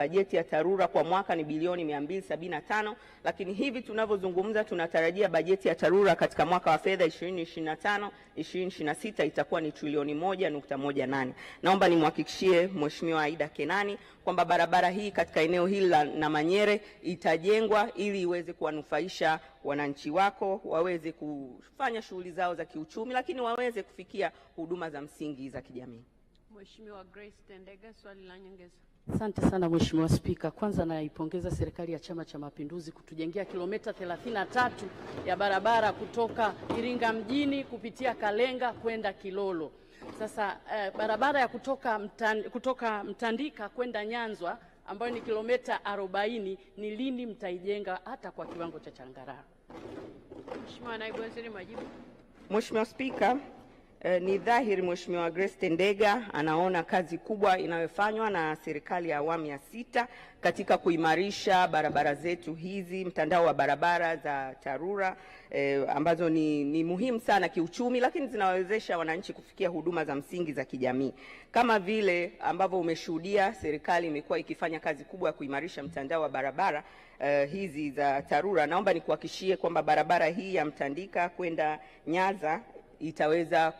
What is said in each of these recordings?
Bajeti ya TARURA kwa mwaka ni bilioni 275, lakini hivi tunavyozungumza tunatarajia bajeti ya TARURA katika mwaka wa fedha 2025 2026 itakuwa ni trilioni 1.18. Naomba nimhakikishie Mheshimiwa Aida Kenani kwamba barabara hii katika eneo hili la Namanyere itajengwa ili iweze kuwanufaisha wananchi wako waweze kufanya shughuli zao za kiuchumi, lakini waweze kufikia huduma za msingi za kijamii. Mheshimiwa Grace Tendega, swali la nyongeza. Asante sana Mheshimiwa Spika. Kwanza naipongeza serikali ya Chama cha Mapinduzi kutujengea kilomita 33 ya barabara kutoka Iringa mjini kupitia Kalenga kwenda Kilolo. Sasa eh, barabara ya kutoka, mtan, kutoka Mtandika kwenda Nyanzwa ambayo ni kilomita 40 ni lini mtaijenga hata kwa kiwango cha changarawe? Mheshimiwa Naibu Waziri, majibu. Mheshimiwa Spika, E, ni dhahiri Mheshimiwa Grace Tendega anaona kazi kubwa inayofanywa na serikali ya awamu ya sita katika kuimarisha barabara zetu hizi, mtandao wa barabara za TARURA e, ambazo ni, ni muhimu sana kiuchumi, lakini zinawawezesha wananchi kufikia huduma za msingi za kijamii, kama vile ambavyo umeshuhudia serikali imekuwa ikifanya kazi kubwa ya kuimarisha mtandao wa barabara e, hizi za TARURA. Naomba nikuhakishie kwamba barabara hii ya Mtandika kwenda Nyaza itaweza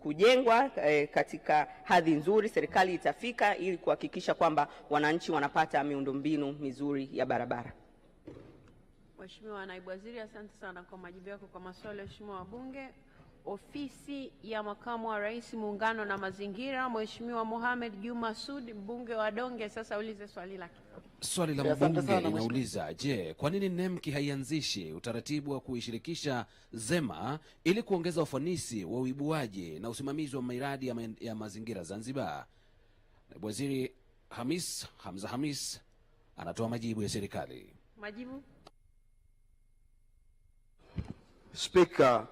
kujengwa e, katika hadhi nzuri, serikali itafika ili kuhakikisha kwamba wananchi wanapata miundombinu mizuri ya barabara. Mheshimiwa Naibu Waziri, asante sana kwa majibu yako kwa maswali ya Mheshimiwa wabunge. Ofisi ya Makamu wa Rais Muungano na Mazingira, Mheshimiwa Mohamed Juma Sud, mbunge wa Donge, sasa ulize swali lake. Swali la mbunge inauliza, je, kwa nini nemki haianzishi utaratibu wa kuishirikisha ZEMA ili kuongeza ufanisi wa uibuaji na usimamizi wa miradi ya, ma ya mazingira Zanzibar? Naibu Waziri Hamis Hamza Hamis anatoa majibu ya serikali. Majibu. Speaker,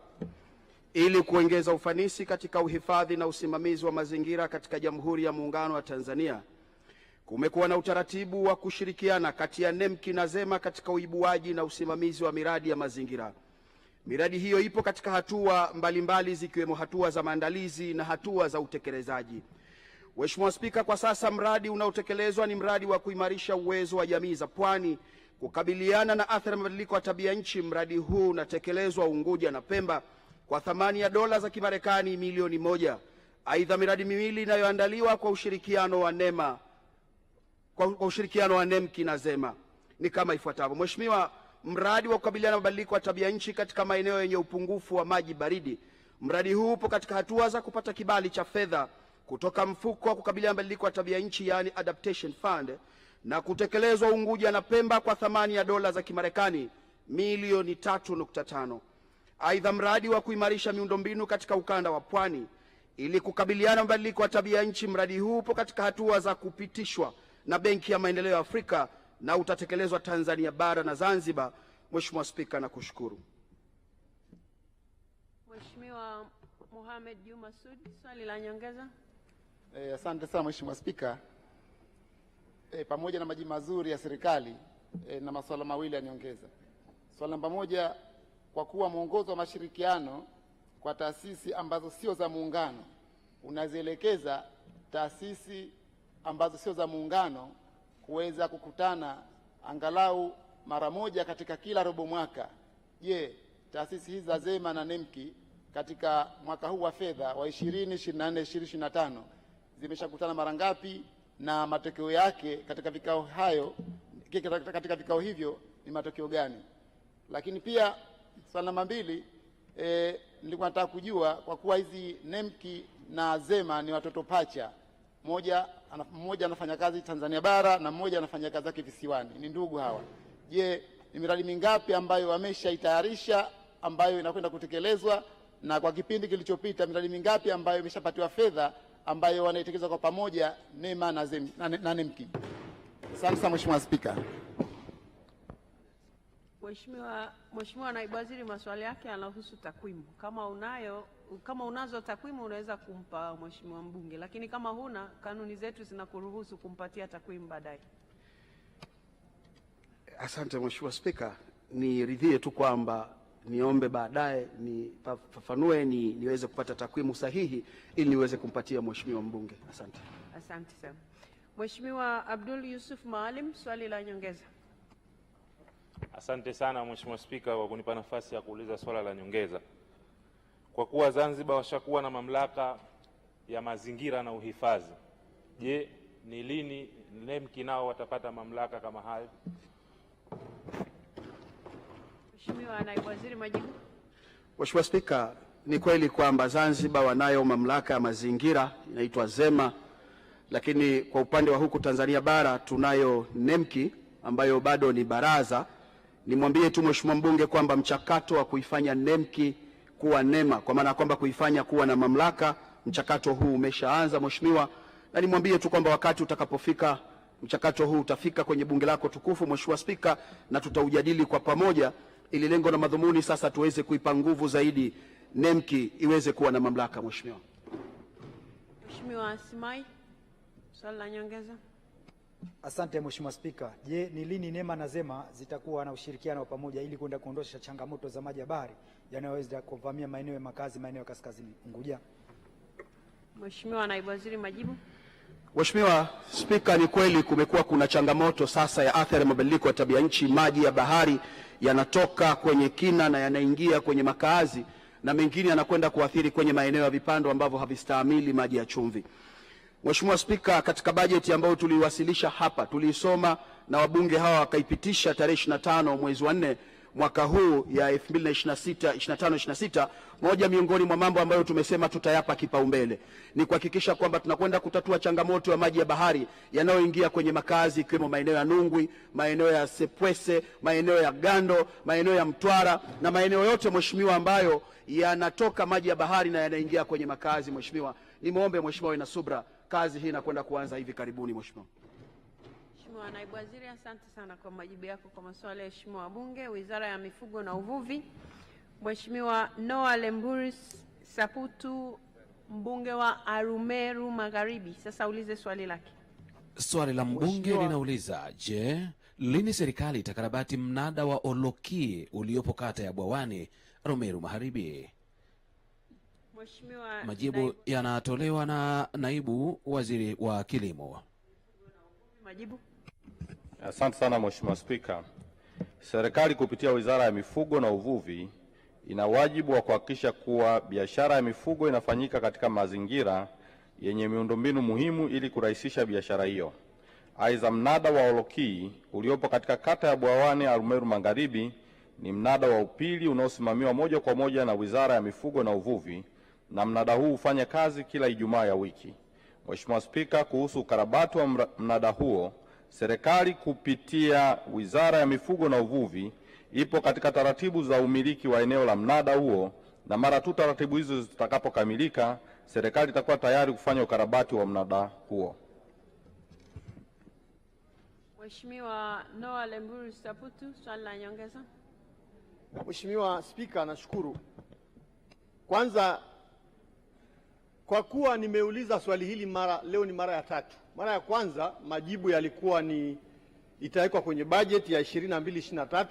ili kuongeza ufanisi katika uhifadhi na usimamizi wa mazingira katika Jamhuri ya Muungano wa Tanzania, kumekuwa na utaratibu wa kushirikiana kati ya NEMKI na ZEMA katika uibuaji na usimamizi wa miradi ya mazingira. Miradi hiyo ipo katika hatua mbalimbali zikiwemo hatua za maandalizi na hatua za utekelezaji. Mheshimiwa Spika, kwa sasa mradi unaotekelezwa ni mradi wa kuimarisha uwezo wa jamii za pwani kukabiliana na athari ya mabadiliko ya tabia nchi. Mradi huu unatekelezwa Unguja na Pemba kwa thamani ya dola za Kimarekani milioni moja. Aidha, miradi miwili inayoandaliwa kwa ushirikiano wa NEMA kwa, kwa ushirikiano wa NEMKI na ZEMA ni kama ifuatavyo. Mheshimiwa, mradi wa kukabiliana na mabadiliko ya tabia nchi katika maeneo yenye upungufu wa maji baridi. Mradi huu upo katika hatua za kupata kibali cha fedha kutoka mfuko wa kukabiliana na mabadiliko ya tabia nchi yani Adaptation Fund na kutekelezwa Unguja na Pemba kwa thamani ya dola za Kimarekani milioni 3.5. Aidha, mradi wa kuimarisha miundombinu katika ukanda wa Pwani ili kukabiliana mabadiliko ya tabia ya nchi. Mradi huu upo katika hatua za kupitishwa na Benki ya Maendeleo ya Afrika na utatekelezwa Tanzania bara na Zanzibar. Mheshimiwa Spika, nakushukuru. Mheshimiwa Mohamed Juma Sudi, swali la nyongeza. Eh, asante sana Mheshimiwa Spika. Eh, pamoja na maji mazuri ya serikali eh, na masuala mawili ya nyongeza. Swali namba moja kwa kuwa mwongozo wa mashirikiano kwa taasisi ambazo sio za muungano unazielekeza taasisi ambazo sio za muungano kuweza kukutana angalau mara moja katika kila robo mwaka. Je, taasisi hizi za ZEMA na NEMKI katika mwaka huu wa fedha wa 2024 2025 zimeshakutana mara ngapi, na matokeo yake katika vikao hayo katika vikao hivyo ni matokeo gani? Lakini pia swali namba mbili, e, nilikuwa nataka kujua kwa kuwa hizi Nemki na Zema ni watoto pacha, mmoja mmoja anafanya kazi Tanzania bara na mmoja anafanya kazi yake visiwani, ni ndugu hawa. Je, ni miradi mingapi ambayo wameshaitayarisha ambayo inakwenda kutekelezwa, na kwa kipindi kilichopita miradi mingapi ambayo imeshapatiwa fedha ambayo wanaitekeleza kwa pamoja NEMA na, na, na Nemki? Asante sana Mheshimiwa Spika. Mheshimiwa Mheshimiwa Naibu Waziri, maswali yake yanahusu takwimu. Kama unayo kama unazo takwimu unaweza kumpa Mheshimiwa mbunge, lakini kama huna, kanuni zetu zinakuruhusu kumpatia takwimu baadaye. Asante Mheshimiwa Spika, niridhie tu kwamba niombe baadaye nifafanue ni, niweze kupata takwimu sahihi ili niweze kumpatia Mheshimiwa mbunge. Asante. Asante sana. Mheshimiwa Abdul Yusuf Maalim, swali la nyongeza. Asante sana Mheshimiwa Spika kwa kunipa nafasi ya kuuliza swala la nyongeza. Kwa kuwa Zanzibar washakuwa na mamlaka ya mazingira na uhifadhi, je, ni lini NEMKI nao watapata mamlaka kama hayo? Mheshimiwa Naibu Waziri, majibu. Mheshimiwa Spika, ni kweli kwamba Zanzibar wanayo mamlaka ya mazingira inaitwa ZEMA, lakini kwa upande wa huku Tanzania bara tunayo NEMKI ambayo bado ni baraza Nimwambie tu mheshimiwa mbunge kwamba mchakato wa kuifanya nemki kuwa NEMA kwa maana kwamba kuifanya kuwa na mamlaka, mchakato huu umeshaanza mheshimiwa, na nimwambie tu kwamba wakati utakapofika mchakato huu utafika kwenye bunge lako tukufu mheshimiwa Spika, na tutaujadili kwa pamoja, ili lengo na madhumuni sasa tuweze kuipa nguvu zaidi nemki iweze kuwa na mamlaka. Mheshimiwa Mheshimiwa Simai, swali la nyongeza. Asante Mheshimiwa Spika. Je, ni lini NEMA na ZEMA zitakuwa na ushirikiano wa pamoja ili kwenda kuondosha changamoto za maji ya bahari yanayoweza kuvamia maeneo ya makazi, maeneo ya kaskazini Unguja? Mheshimiwa Naibu Waziri, majibu. Mheshimiwa Spika, ni kweli kumekuwa kuna changamoto sasa ya athari ya mabadiliko ya tabia nchi. Maji ya bahari yanatoka kwenye kina na yanaingia kwenye makazi na mengine yanakwenda kuathiri kwenye maeneo ya vipando ambavyo havistahimili maji ya chumvi. Mheshimiwa Spika, katika bajeti ambayo tuliiwasilisha hapa tuliisoma na wabunge hawa wakaipitisha tarehe 25 mwezi wa 4 mwaka huu ya 2026 25 26, moja miongoni mwa mambo ambayo tumesema tutayapa kipaumbele ni kuhakikisha kwamba tunakwenda kutatua changamoto ya maji ya bahari yanayoingia kwenye makazi ikiwemo maeneo ya Nungwi, maeneo ya Sepwese, maeneo ya Gando, maeneo ya Mtwara na maeneo yote mheshimiwa, ambayo yanatoka maji ya bahari na yanaingia kwenye makazi. Mheshimiwa, nimwombe mheshimiwa awe na subra kazi hii inakwenda kuanza hivi karibuni. Mheshimiwa Mheshimiwa Naibu Waziri, asante sana kwa majibu yako kwa maswali ya Mheshimiwa Wabunge. Wizara ya Mifugo na Uvuvi, Mheshimiwa Noah Lemburis Saputu, mbunge wa Arumeru Magharibi, sasa ulize swali lake. Swali la mbunge linauliza, je, lini serikali itakarabati mnada wa Oloki uliopo kata ya Bwawani, Arumeru Magharibi? Majibu yanatolewa na naibu waziri wa kilimo. Majibu. Asante sana Mheshimiwa Spika, serikali kupitia Wizara ya Mifugo na Uvuvi ina wajibu wa kuhakikisha kuwa biashara ya mifugo inafanyika katika mazingira yenye miundombinu muhimu ili kurahisisha biashara hiyo. Aidha, mnada wa Olokii uliopo katika kata ya Bwawane Arumeru Magharibi ni mnada wa upili unaosimamiwa moja kwa moja na Wizara ya Mifugo na Uvuvi na mnada huu hufanya kazi kila Ijumaa ya wiki. Mheshimiwa Spika, kuhusu ukarabati wa mnada huo, serikali kupitia Wizara ya Mifugo na Uvuvi ipo katika taratibu za umiliki wa eneo la mnada huo, na mara tu taratibu hizo zitakapokamilika, serikali itakuwa tayari kufanya ukarabati wa mnada huo. Mheshimiwa Noah Lemburu Saputu, swali la nyongeza. Mheshimiwa Spika, nashukuru. Kwanza kwa kuwa nimeuliza swali hili mara leo, ni mara ya tatu. Mara ya kwanza majibu yalikuwa ni itawekwa kwenye bajeti ya 22 23.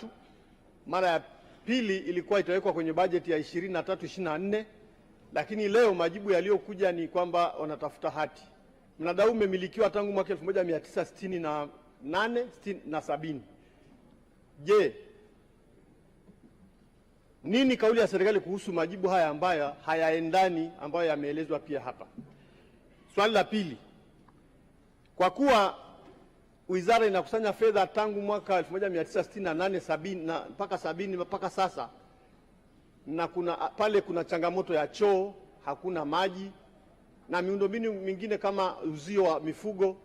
Mara ya pili ilikuwa itawekwa kwenye bajeti ya 23 24, lakini leo majibu yaliyokuja ni kwamba wanatafuta hati. Mnada huu umemilikiwa tangu mwaka 1968 na 70. Je, nini kauli ya serikali kuhusu majibu haya ambayo hayaendani ambayo yameelezwa pia hapa? Swali la pili, kwa kuwa wizara inakusanya fedha tangu mwaka 1968 mpaka sabini mpaka sasa, na kuna pale kuna changamoto ya choo, hakuna maji na miundombinu mingine kama uzio wa mifugo.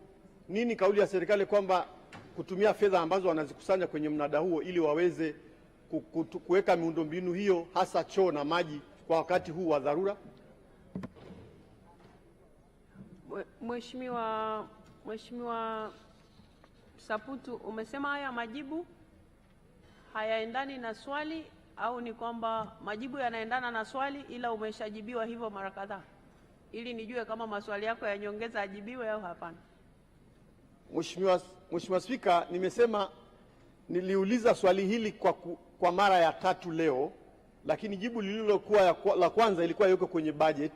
Nini kauli ya serikali kwamba kutumia fedha ambazo wanazikusanya kwenye mnada huo ili waweze kuweka miundombinu hiyo hasa choo na maji kwa wakati huu wa dharura? Mheshimiwa Mheshimiwa Saputu, umesema haya majibu hayaendani na swali au ni kwamba majibu yanaendana na swali ila umeshajibiwa hivyo mara kadhaa, ili nijue kama maswali yako ya nyongeza ajibiwe au hapana? Mheshimiwa Mheshimiwa Spika, nimesema niliuliza swali hili kwa ku, kwa mara ya tatu leo, lakini jibu lililokuwa la kwanza ilikuwa yuko kwenye budget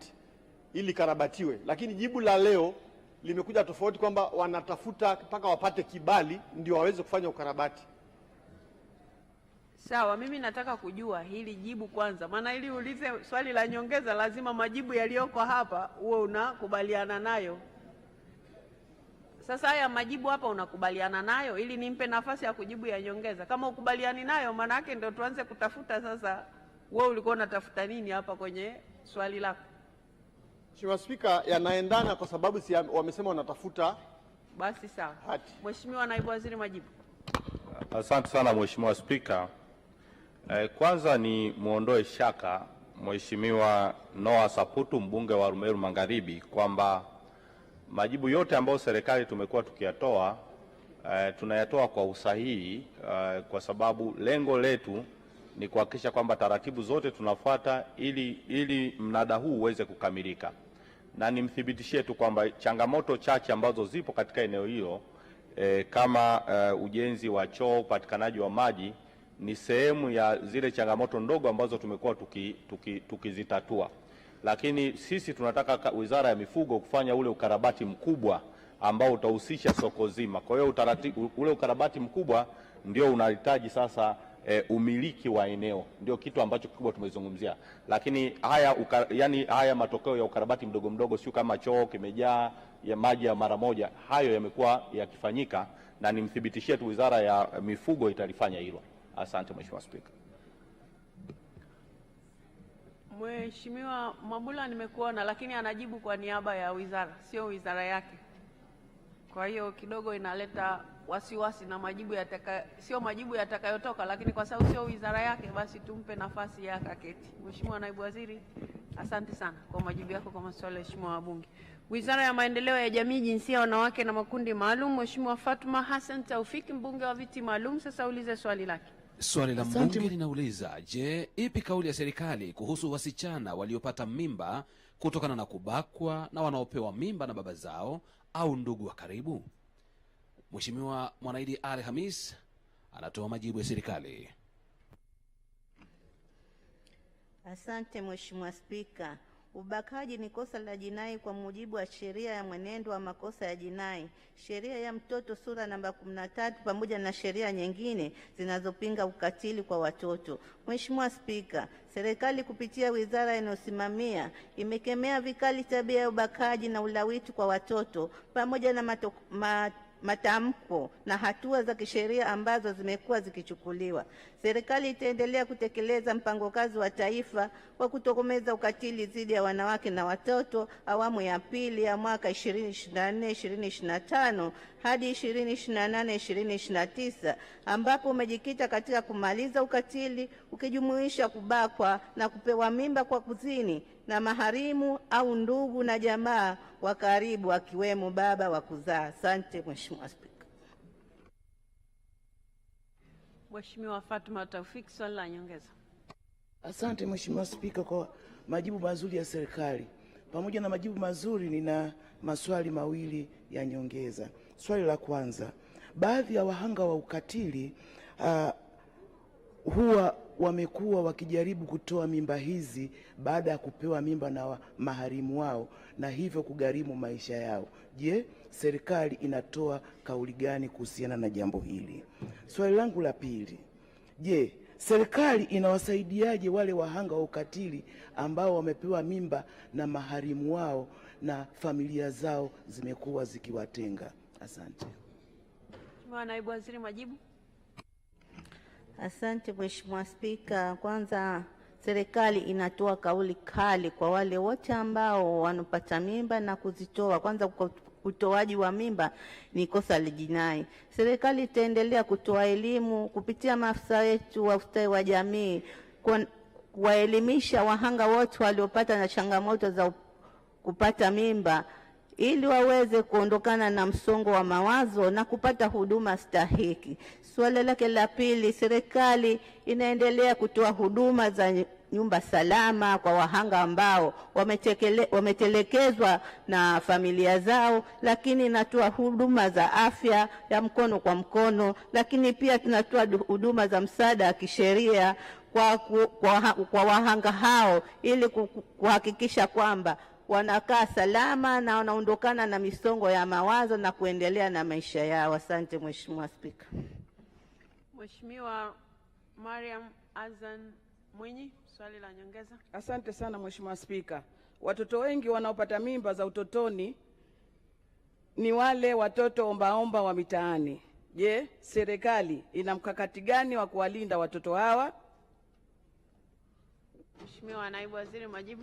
ili karabatiwe, lakini jibu la leo limekuja tofauti kwamba wanatafuta mpaka wapate kibali ndio waweze kufanya ukarabati. Sawa, mimi nataka kujua hili jibu kwanza, maana ili ulize swali la nyongeza lazima majibu yaliyoko hapa uwe unakubaliana nayo. Sasa haya majibu hapa unakubaliana nayo, ili nimpe nafasi ya kujibu ya nyongeza. Kama ukubaliani nayo, maana yake ndio tuanze kutafuta sasa. Wewe ulikuwa unatafuta nini hapa kwenye swali lako? Mheshimiwa Spika, yanaendana kwa sababu si wamesema wanatafuta. Basi sawa. Mheshimiwa Naibu Waziri, majibu. Asante sana Mheshimiwa Spika. Eh, kwanza ni muondoe shaka Mheshimiwa Noah Saputu mbunge wa Arumeru Magharibi kwamba Majibu yote ambayo serikali tumekuwa tukiyatoa uh, tunayatoa kwa usahihi uh, kwa sababu lengo letu ni kuhakikisha kwamba taratibu zote tunafuata ili, ili mnada huu uweze kukamilika, na nimthibitishie tu kwamba changamoto chache ambazo zipo katika eneo hilo eh, kama uh, ujenzi wa choo, upatikanaji wa maji ni sehemu ya zile changamoto ndogo ambazo tumekuwa tukizitatua tuki, tuki lakini sisi tunataka Wizara ya Mifugo kufanya ule ukarabati mkubwa ambao utahusisha soko zima. Kwa hiyo ule ukarabati mkubwa ndio unahitaji sasa e, umiliki wa eneo, ndio kitu ambacho kikubwa tumezungumzia. Lakini haya uka, yani haya matokeo ya ukarabati mdogo mdogo, sio kama choo kimejaa ya maji ya mara moja. Hayo yamekuwa yakifanyika, na nimthibitishie tu Wizara ya Mifugo italifanya hilo. Asante Mheshimiwa Spika. Mheshimiwa Mabula, nimekuona lakini anajibu kwa niaba ya wizara, sio wizara yake. Kwa hiyo kidogo inaleta wasiwasi wasi na majibu yataka, sio majibu yatakayotoka, lakini kwa sababu sio wizara yake, basi tumpe nafasi ya kaketi. Mheshimiwa Naibu Waziri, asante sana kwa majibu yako kwa maswali ya Mheshimiwa wabunge. Wizara ya Maendeleo ya Jamii, Jinsia, Wanawake na Makundi Maalum, Mheshimiwa Fatuma Hassan Taufiki, mbunge wa viti maalum, sasa ulize swali lake. Swali la mbunge linauliza, je, ipi kauli ya serikali kuhusu wasichana waliopata mimba kutokana na kubakwa na wanaopewa mimba na baba zao au ndugu wa karibu? Mheshimiwa Mwanaidi Ali Hamis anatoa majibu ya serikali. Asante Mheshimiwa Spika. Ubakaji ni kosa la jinai kwa mujibu wa sheria ya mwenendo wa makosa ya jinai, sheria ya mtoto sura namba 13, pamoja na sheria nyingine zinazopinga ukatili kwa watoto. Mheshimiwa Spika, serikali kupitia wizara inayosimamia imekemea vikali tabia ya ubakaji na ulawiti kwa watoto pamoja na mato, mat matamko na hatua za kisheria ambazo zimekuwa zikichukuliwa. Serikali itaendelea kutekeleza mpango kazi wa taifa wa kutokomeza ukatili dhidi ya wanawake na watoto awamu ya pili ya mwaka 2024 2025 hadi 2028 2029, ambapo umejikita katika kumaliza ukatili ukijumuisha kubakwa na kupewa mimba kwa kuzini na maharimu au ndugu na jamaa wa karibu akiwemo baba wa kuzaa. Asante Mheshimiwa Spika. Mheshimiwa Fatma Taufik, swali la nyongeza. Asante Mheshimiwa Spika kwa majibu mazuri ya serikali. Pamoja na majibu mazuri, nina maswali mawili ya nyongeza. Swali la kwanza, baadhi ya wahanga wa ukatili uh, huwa wamekuwa wakijaribu kutoa mimba hizi baada ya kupewa mimba na maharimu wao na hivyo kugharimu maisha yao. Je, serikali inatoa kauli gani kuhusiana na jambo hili? Swali langu la pili, je, serikali inawasaidiaje wale wahanga wa ukatili ambao wamepewa mimba na maharimu wao na familia zao zimekuwa zikiwatenga? Asante. Mheshimiwa Naibu Waziri, majibu. Asante Mheshimiwa Spika. Kwanza serikali inatoa kauli kali kwa wale wote ambao wanapata mimba na kuzitoa. Kwanza utoaji wa mimba ni kosa la jinai. Serikali itaendelea kutoa elimu kupitia maafisa wetu wa ustawi wa jamii kuwaelimisha wahanga wote waliopata na changamoto za kupata mimba ili waweze kuondokana na msongo wa mawazo na kupata huduma stahiki. Suala lake la pili, serikali inaendelea kutoa huduma za nyumba salama kwa wahanga ambao wametelekezwa na familia zao, lakini inatoa huduma za afya ya mkono kwa mkono, lakini pia tunatoa huduma za msaada wa kisheria kwa, kwa, kwa wahanga hao ili kuhakikisha kwamba wanakaa salama na wanaondokana na misongo ya mawazo na kuendelea na maisha yao. Asante Mheshimiwa Spika. Mheshimiwa Mariam Azan Mwinyi, swali la nyongeza. Asante sana Mheshimiwa Spika. Watoto wengi wanaopata mimba za utotoni ni wale watoto ombaomba wa mitaani. Je, serikali ina mkakati gani wa kuwalinda watoto hawa? Mheshimiwa Naibu Waziri, majibu.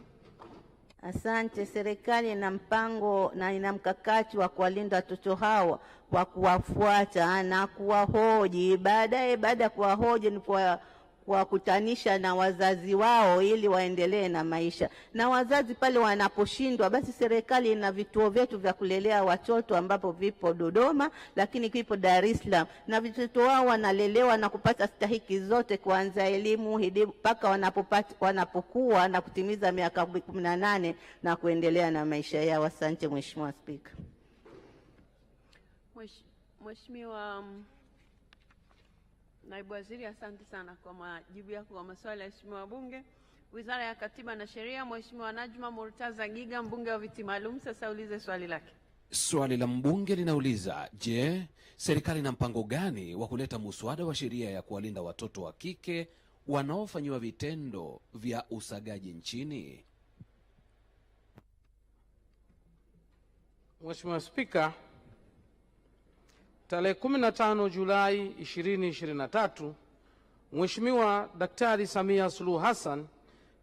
Asante. Serikali ina mpango na ina mkakati wa kuwalinda watoto hawa kwa kuwafuata na kuwahoji. Baadaye, baada ya kuwahoji ni kwa kuwakutanisha na wazazi wao ili waendelee na maisha. Na wazazi pale wanaposhindwa, basi serikali ina vituo vyetu vya kulelea watoto ambapo vipo Dodoma, lakini vipo Dar es Salaam, na vitoto wao wanalelewa na kupata stahiki zote kuanza elimu hadi mpaka wanapopata wanapokuwa na kutimiza miaka 18 na na kuendelea na maisha yao. Asante Mheshimiwa Spika. Mheshimiwa Naibu Waziri, asante sana kwa majibu yako kwa maswali ya waheshimiwa wabunge. Wizara ya Katiba na Sheria, Mheshimiwa Najma Murtaza Giga, mbunge wa viti maalum, sasa ulize swali lake. Swali la mbunge linauliza, je, serikali ina mpango gani wa kuleta muswada wa sheria ya kuwalinda watoto wa kike wanaofanyiwa vitendo vya usagaji nchini? Mheshimiwa Spika, Tarehe 15 Julai 2023, Mheshimiwa Daktari Samia Suluhu Hassan,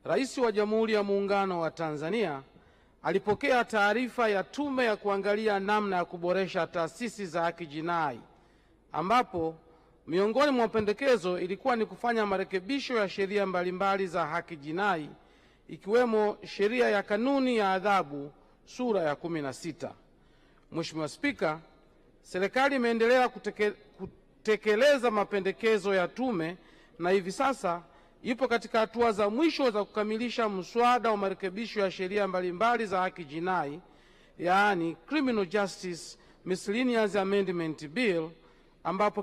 Rais wa Jamhuri ya Muungano wa Tanzania, alipokea taarifa ya Tume ya kuangalia namna ya kuboresha taasisi za haki jinai, ambapo miongoni mwa mapendekezo ilikuwa ni kufanya marekebisho ya sheria mbalimbali za haki jinai ikiwemo sheria ya kanuni ya adhabu sura ya 16. Mheshimiwa Spika, Serikali imeendelea kuteke, kutekeleza mapendekezo ya tume na hivi sasa ipo katika hatua za mwisho za kukamilisha mswada wa marekebisho ya sheria mbalimbali za haki jinai, yaani Criminal Justice Miscellaneous Amendment Bill ambapo